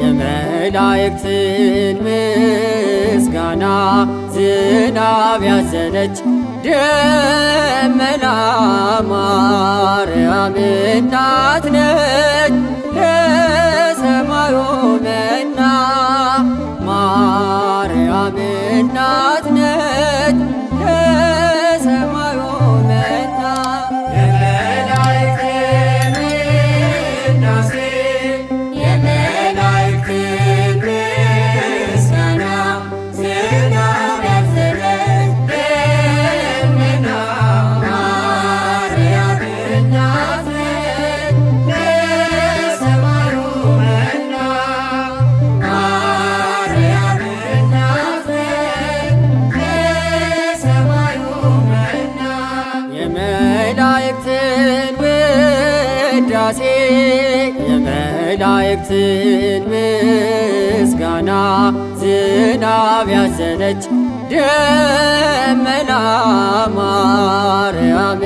የመላእክትን ምስጋና ዝናብ ያዘለች ደመና ማርያም እናት ነች። ውዳሴ የመላእክትን ምስጋና ዝናብ ያዘለች ደመና ማርያም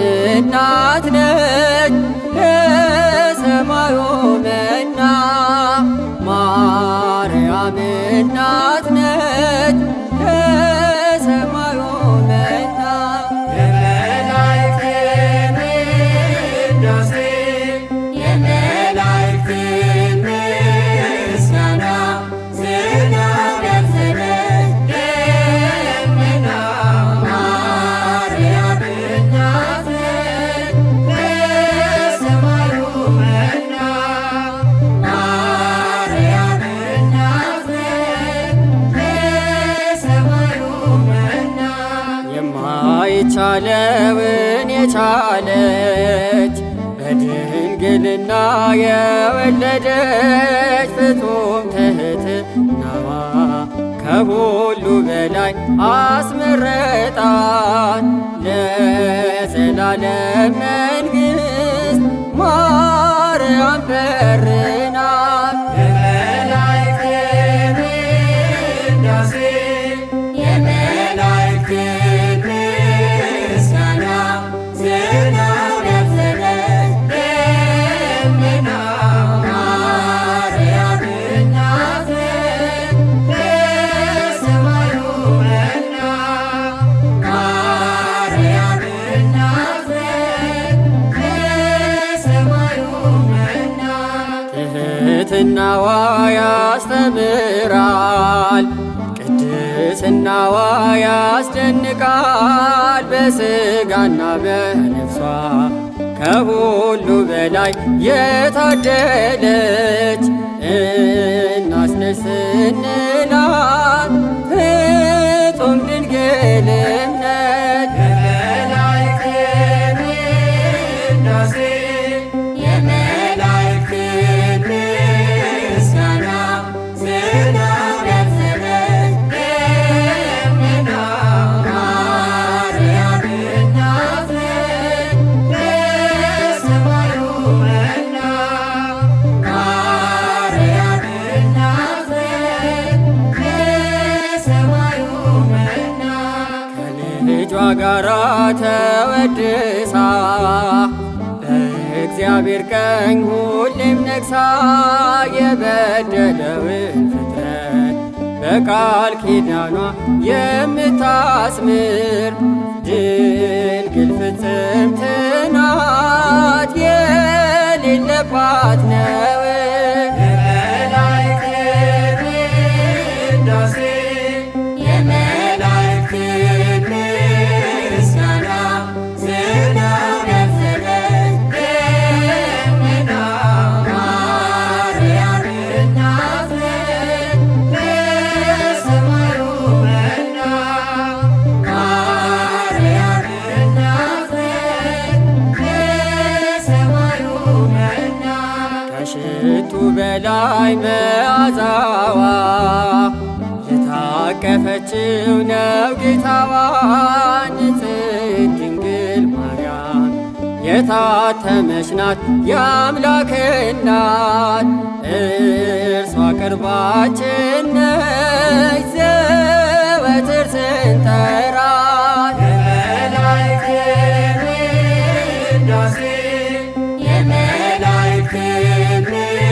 ዓለምን የቻለች በድንግልና የወለደች ፍጹም ትሕትናዋ ከሁሉ በላይ አስመረጣን ለዘላለም መንግሥት ማርያም በር ቅድስናዋ ያስተምራል፣ ቅድስናዋ ያስደንቃል። በስጋና በነፍሷ ከሁሉ በላይ የታደለች እናስነስን ተጠራ ተወድሳ በእግዚአብሔር ቀኝ ሁሌም ነግሳ የበደለውን ፍጥረት በቃል ኪዳኗ የምታስምር ድንግል ፍጽምት ናት የሌለባት ነው። ከሽቱ በላይ መዓዛዋ የታቀፈችው ነው ጌታዋን ንጽሕት ድንግል ማርያም የታተመች ናት የአምላክ እናት እርሷ ቅርባችን ነች ዘወትር ስንጠራት Hey,